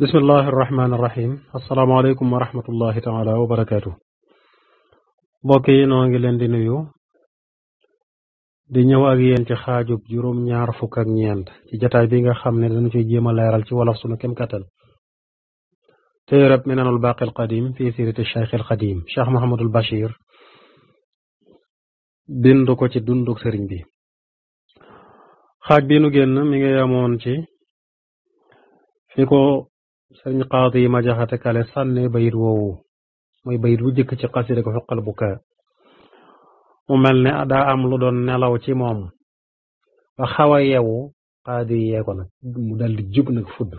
bismillahi irrahmani irrahim asalaamaaleykum wa rahmatullahi taala wa barakaatu mbokk yi noo ngi leen di nuyu di ñëw ak yéen ci xaajub juróom ñaar fukk ak ñeent ci jataay bi nga xam ne dañu ci jéem a leeral ci wolof sunu kem kattan téerab minanul baqil qadim fii sirati cheikhil qadim cheikh mahamadul bachir bind ko ci dunduk sëriñ bi xaaj bi nu génn mi ngi yamoon ci fi sëriñ qaadi yi ma jaxate kale sànne bayit woowu mooy bayit bu jëkk ci xasida ko xoqal bu ka mu mel ne daa am lu doon nelaw ci moom ba xaw a yeewu qaadi yeeko ko nag mu dal di jub nag fudd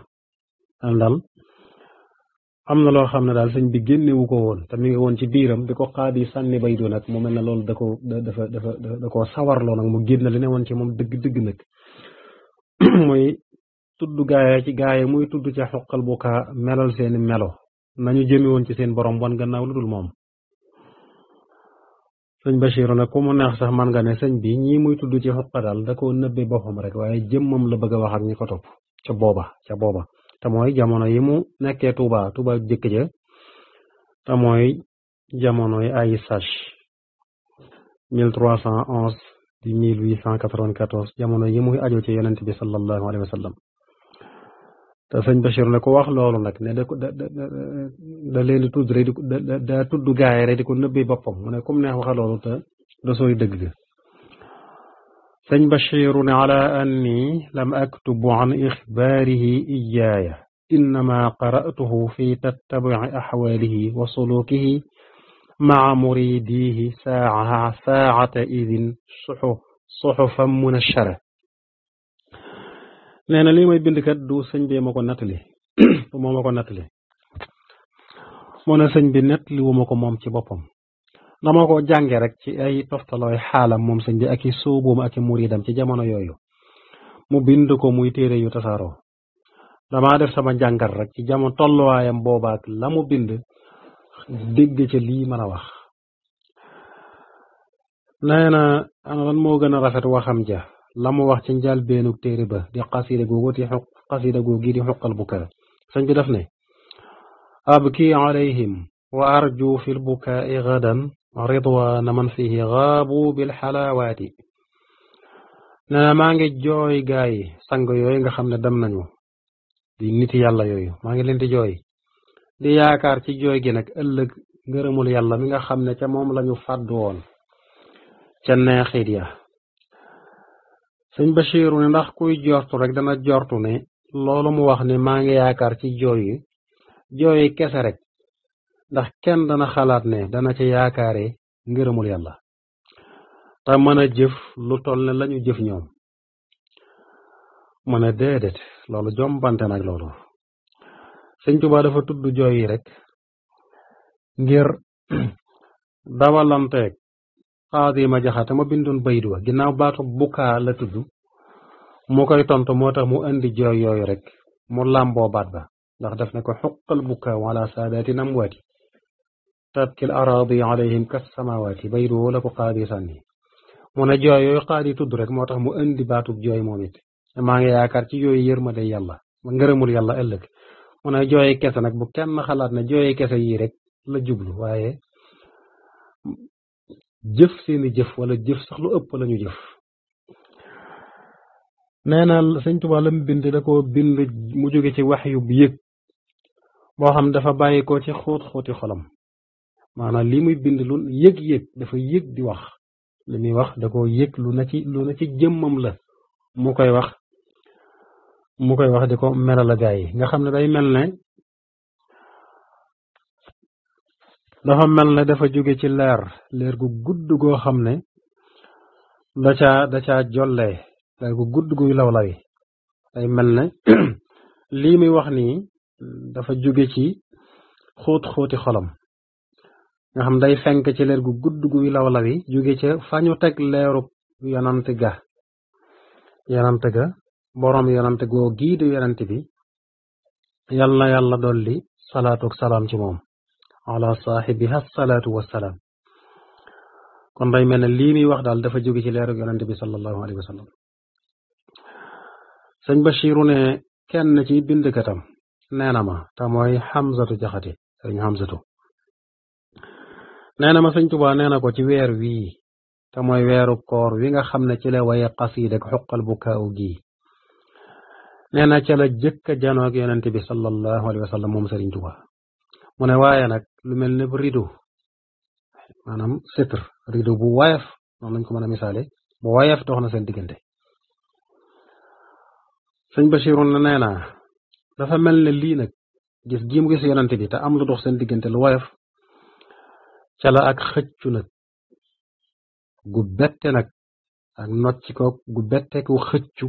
am na loo xam ne daal sëñ bi génnewu ko woon te mi woon ci biiram bi ko xaadi sànni bayit wi nag mu mel na loolu da ko dafa dafa da koo sawarloo nag mu génn le ne woon ci moom dëgg-dëgg nag mooy tudd gaaya ci gaaya muy tudd ca xoqal bu ka melal seeni melo nañu jëme woon ci seen borom wan gannaaw lu dul moom sëñ Bachir na ku mu neex sax man nga ne sëñ bi ñii muy tudd ci xoqa daal da koo nëbbee boppam rek waaye jëmmam la bëgg a wax ak ñi ko topp ca booba ca te mooy jamono yi mu nekkee tuubaa Touba jëkk ja te mooy jamono ay sach mille trois cent onze di mille huit cent quatre-vingt-quatorze jamono yi muy ajo ci yonent bi sallallahu alayhi wa te sëñ Bachir ne ko wax loolu nag ne da da da leen di tudd rek di ko da daa tudd gaay rek di ko nëbbee boppam mu ne comme neex waxe loolu te da sooy dëgg sëñ Bachiru ne ala anni lam aktubu an ixbaarihi iyaaya innama qara'tuhu fi tattabuci axwaalihi wa sulukihi maca muridihi saaca saacata idin suxufan munashara nee na lii may bind kat du sëñ bi ko nattali moo ko nattali moo ne sëñ bi nettali wu ko moom ci boppam dama ko jànge rek ci ay toftalooy xaalam moom sëñ bi ak i sóoboom ak muridam ci jamono yooyu mu bind ko muy téere yu tasaaroo dama def sama jàngat rek ci jamon tolluwaayam boobaak lamu bind dégg ca lii mën a wax nee na ana moo gën a rafet waxam ja la wax ci njaal beenug téere ba di xasida googu di xoq xasida googi di xoqal bukaa sëñ bi daf ne abki alayhim wa arju fi lbukaai gadan ridwaana man fihi gaabu bilxalaawaati nee na maa ngi jooy gaay sang yooyu nga xam ne dem nañu di nit yàlla yooyu maa ngi leen di jooy di yaakaar ci jooy gi nag ëllëg ngërëmul yàlla mi nga xam ne ca moom lañu fàddu woon ca neexit ya sëñ Bachiru ne ndax kuy jortu rek dana jortu ne loolu mu wax ne maa ngi yaakaar ci jooyu jooy kese rek ndax kenn dana xalaat ne dana ci yaakaare ngërëmul yàlla te mën a jëf lu toll ne lañu jëf ñoom mën a déedéet loolu jombante nag loolu sëñ Tuubaa dafa tudd jooy yi rek ngir dawalanteeg xaadima jaxate ma bindoon bayit wa ginnaaw baatu bukaa la tudd mu koy tontu moo tax mu indi jooy yooyu rek mu làmboo baat ba ndax def na ko xuqal bukaa wala saadaati namwaati tabkil araadi alayhim kas samawaati bayit woo la ko xaadi sànni mu ne jooy yooyu xaadi tudd rek moo tax mu indi baatub jooy moom it maa ngi yaakaar ci yooyu yërmande yàlla ma ngërëmul yàlla ëllëg mu ne jooye kese nag bu kenn xalaat ne jooye kese yii rek la jublu waaye jëf seeni jëf wala jëf sax lu ëpp la ñu jëf nee na sëñ la mu bind da ko bind mu jóge ci wax yu yëg boo xam dafa bàyyi ko ci xóot xóoti xolam maanaam li muy bind lu yëg-yëg dafa yëg di wax li muy wax da ko yëg lu na ci lu na ci jëmmam la mu koy wax mu koy wax di ko merala gaa yi nga xam ne day mel ne dafa mel na dafa jóge ci leer leer gu gudd goo xam ne da caa da caa jollee leer gu gudd guy law lawi day mel ne lii muy wax nii dafa jóge ci xóot xóoti xolam nga xam day fenk ci leer gu gudd guy law jóge ca fa ñu teg leeru yonant ga yonant ga boroom yonant goo gii di yonant bi yàlla yàlla dolli salaatu salaam ci moom ala saaxibiha salaatu wasalaam kon day mel ne lii muy wax daal dafa jóge ci leeru yonente bi sallallahu alayhi wa sallam sëñ Bachiru ne kenn ci bindkatam nee na ma te mooy Xamsatu Jaxate sëñ na ma sëñ Tubaa nee na ko ci weer wii te mooy weeru koor wi nga xam ne ci la waye xasiid ak xuqal bu kaaw gii nee na ca la jëkk a janoo ak yonente bi sallallahu alayhi wa sallam moom sëriñ Tubaa mu waaye nag lu mel ne bu rideau maanaam sitr rideau bu woyof noonu lañ ko mën a misaale bu woyof dox na seen diggante sëñ Bachir na nee naa dafa mel ne lii nag gis gii mu gis yonante bi te am lu dox seen diggante lu woyof ca la ak xëccu nag gu bette nag ak not ko gu bette ku xëccu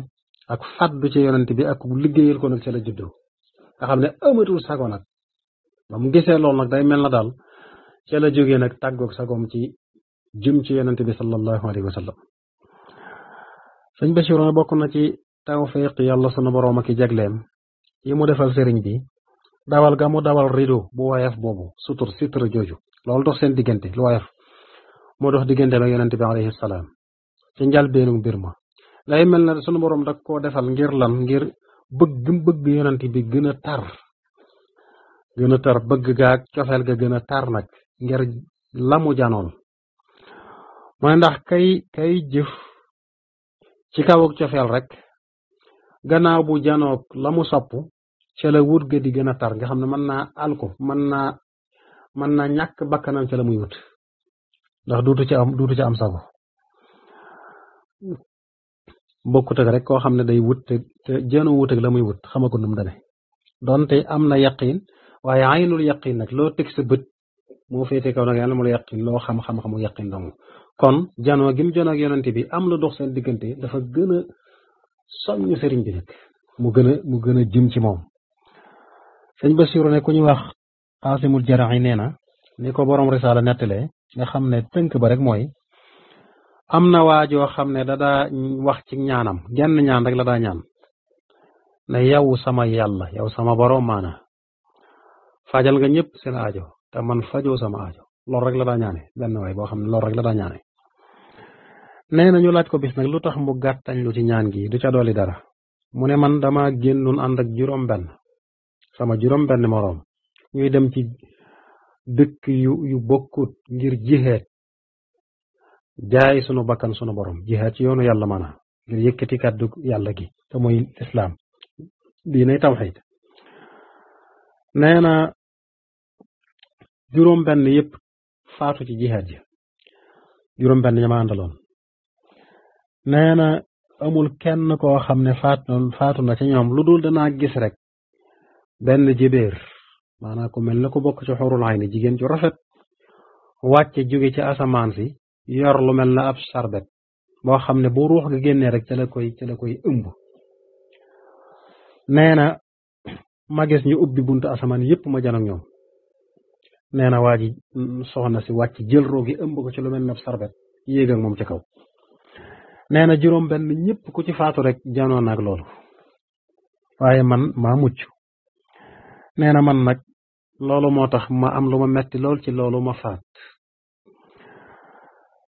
ak fàddu ci yonante bi ak liggéeyal ko nag ca la juddoo nga xam ne amatul sago nag ba mu gisee loolu nag day mel na daal ca la jógee nag tàggoog sagoom ci jëm ci yonente bi sallallahu alayhi wa sallam sëñ bokk na ci tawfiq yàlla sunu boroom ak i yi mu defal sëriñ bi dawal ga mu dawal rido bu woyof boobu sutur sutur jooju loolu dox seen diggante lu woyof moo dox diggante ak yonente bi alayhi salaam ci njalbeenu mbir ma day mel na sunu boroom da koo defal ngir lan ngir bëgg gëm bëgg yonente bi gën tar gën a tar bëgg gaag cofeel ga gën a tar nag ngir lamu janoon mooy ndax kay kay jëf ci kawuk cofeel rek gannaaw bu janoog la mu sopp ca la wut ga di gën a tar nga xam ne mën naa alko mën naa mën naa ñàkk bakkanam ca la muy wut ndax duutu ca am duutu ca am sago bokkut teg rek koo xam ne day wut te jano wut ak la muy wut xamako num deme donte am na yaqin waaye aynul yaqin nag loo teg sa bët moo féete kaw nag yàlla mu la yaqin loo xam-xam-xamu yaqin dong kon janoo gi mu janoo bi am lu dox seen diggante dafa gën a sëriñ bi nag mu gën a mu gën a jëm ci moom sëñ Basiru ne ku ñu wax xaasimul jaraxi nee na ni ko borom risaala nettalee nga xam ne tënk ba rek mooy am na waa joo xam ne da daa wax ci ñaanam genn ñaan rek la daa ñaan ne yow sama yàlla yow sama borom maana fajal nga ñëpp seen aajo te man fajoo sama aajo loolu rek la daa ñaane benn waay boo xam ne loolu rek la daa ñaane. nee ñu laaj ko bis nag lu tax mu gàttañ lu ci ñaan gi du ca dolli dara mu ne man dama génn génnoon ànd ak juróom-benn sama juróom-benn moroom ñuy dem ci dëkk yu yu bokkut ngir jixeet jaay sunu bakkan sunu boroom jixeet ci yoonu yàlla maanaam ngir yëkkati kàddu yàlla gi te muy islaam diinay tawxiid nee juróom benn yëpp faatu ci jihaad ji juróom benn ñama àndaloon nee na amul kenn koo xam ne faatu faatu na ci ñoom lu dul danaa gis rek benn jibéer maanaam ku mel ne ku bokk ci xurul ay jigéen ju rafet wàcce jóge ci asamaan si yor lu mel na ab sarbet boo xam ne bu ruux ga génnee rek ca la koy ca la koy ëmb nee na ma gis ñu ubbi bunt asamaan yëpp ma janoog ñoom nee na waa ji mm, soxna si wàcc jël roogi ëmb ko ci lu mel ne sarbet yéeg ak moom ci kaw nee na juróom benn ñëpp ku ci faatu rek janoo naag loolu waaye man maa mucc nee na man nag loolu moo tax ma am lu ma metti lool ci loolu ma faat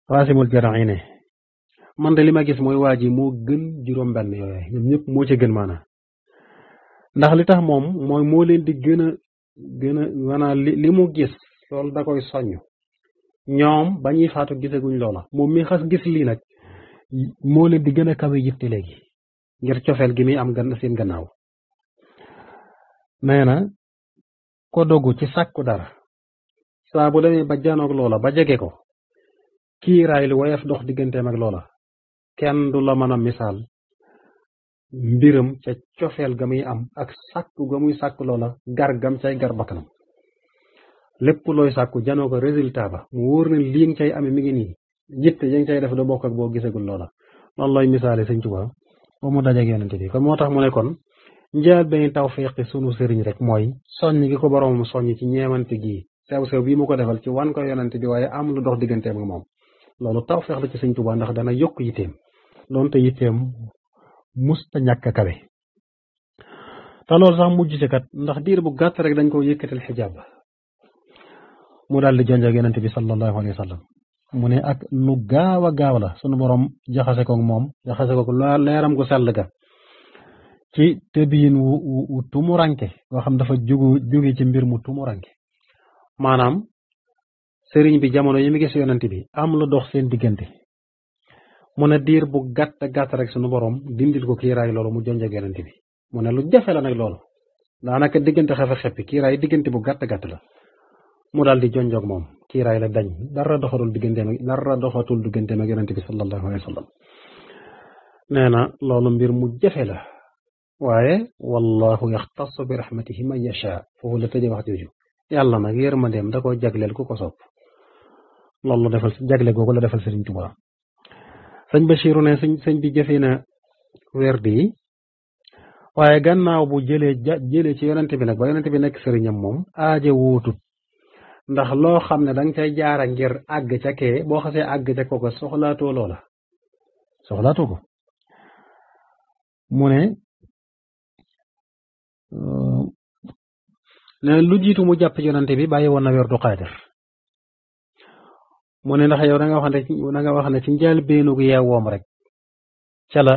racimul jarax yi ne man de li ma gis mooy waa ji moo gën juróom benn yooyu ñoom ñëpp moo ci gën maanaam ndax li tax moom mooy moo leen di gën gën a li li mu gis loolu da koy soññ ñoom ba ñuy faatu giseguñ loola moom mi xas gis lii nag moo leen di gën a kawe yitte léegi ngir cofeel gi mi am gan seen gannaaw nee na ko dogu ci sàkku dara saa bu demee ba janoog loola ba jege ko kiiraay li woyof dox digganteem ak loola kenn du la mën a misaal mbiram ca cofeel ga muy am ak sàkku ga muy sàkk loola gar gam cay gar bakkanam lépp looy sàkku janoo ko résultat ba mu wóor na lii nga cay amee mi ngi nii yitte ya nga cay def da bokk ak boo gisagul loola loolu lay misaale sëñ Tuubaa ba mu dajeeg yonente bi kon moo tax mu ne kon njaal benn tawfiq sunu sëriñ rek mooy soññ gi ko boroomam soññ ci ñeewante gii sew-sew bi mu ko defal ci wan ko yonente bi waaye am lu dox digganteem ak moom loolu tawfiq la ci sëñ Tuubaa ndax dana yokk yitteem doonte yitteem musta ñàkk a kawe te loolu sax mujj si kat ndax diir bu gàtt rek dañ ko yëkkatal xijaab mu daal di jonjog yonent bi sallallahu alayhi wa sallam mu ne ak lu gaaw gaaw la sunu borom jaxase koog moom jaxase koog leeram gu sell ga ci tëbiin wu wu tumuranke boo xam dafa jugu jóge ci mbir mu tumuranke maanaam sëriñ bi jamono yi mu gis yonent bi am lu dox seen diggante mu ne diir bu gàtt gàtt rek suñu borom dindil ko kiiraay loolu mu jonjag yonent bi mu ne lu jafe la nag loolu daanaka diggante xefe xeppi kiiraay diggante bu gàtt gàtt la mu daal di jonjog moom kiiraay la dañ dara doxatul digganteem a doxatul digganteem ak yonent bi sallallahu alayhi wa sallam nee na loolu mbir mu jafe la waaye wallahu yaxtasu bi rahmatihi man yasha foofu la tëje wax jooju yàlla nag yërmandeem da koo jagleel ku ko sopp loolu la defal jagle googu la defal Sëriñ Tuubaa sëñ Bachiru ne sëñ sëñ bi jëfee na werdi yi waaye gannaaw bu jëlee jëlee ci yonent bi nag ba yonent bi nekk sëriñam moom aaja wóotut ndax loo xam ne danga cay jaara ngir àgg ca kee boo xasee àgg ca kooka soxlaatoo loola soxlaatoo mu ne euh, ne lu jiitu mu jàpp ci yonante bi bàyyi woon na werdu xaadir mu ne ndax yow da nga wax ne ci da nga wax ne ci njaal beenu gu yeewoom rek ca la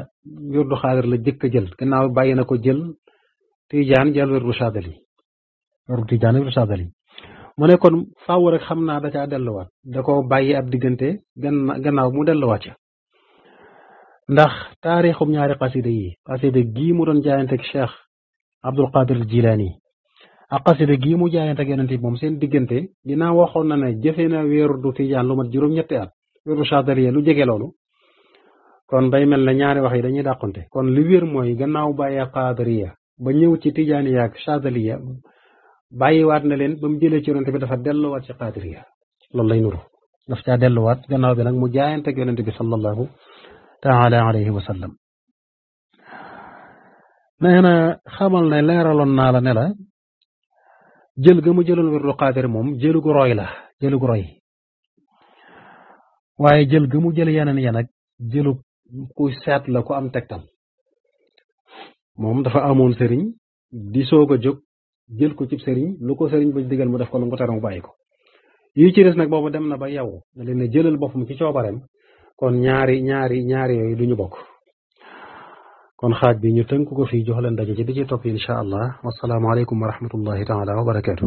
wirdu xaadir la jëkk a jël gannaaw bàyyi na ko jël tiijaan jël wirdu saadali wirdu tijaan wirdu saadali mu ne kon faaw rek xam naa da caa delluwaat da ko bàyyi ab diggante gannaaw mu delluwaat ca ndax taarixum ñaari xasida yi xasida gii mu doon jaayante ak cheikh abdul qadir jilaani ak xasida gii mu jaayante ak yonent bi moom seen diggante ginnaaw waxoon na ne jëfe na weeru du tijaan lu mat juróom-ñetti at weeru chadariya lu jege loolu kon day mel na ñaari wax yi dañuy dàqonte kon li wér mooy gannaaw bàyyee xaadariya ba ñëw ci tijaaniya ak bàyyi waat na leen ba mu jëlee ci yonent bi dafa delluwaat ci xaadariya loolu lay nuru daf caa delluwaat gannaaw bi nag mu jaayante ak yonent bi sallallahu taala alayhi wa sallam nee jël ga mu jëloon wirdu xaadir moom jëlu gu roy la jëlu roy waaye jël ga mu jël yeneen ya nag jëlu ku seet la ku am tegtam moom dafa amoon sëriñ di soog a jóg jël ko cib sëriñ lu ko sëriñ ba digal mu def ko lu ko tere mu bàyyi ko yi ci des nag boobu dem na ba yow da leen ne jëlal boppam ci coobareem kon ñaari ñaari ñaari yooyu duñu bokk kon xaak bi ñu tënk ko fii jox leen daje ci di ci topp incha allah wasalaamualeykum wa rahmatullahi taala wa barakaatu.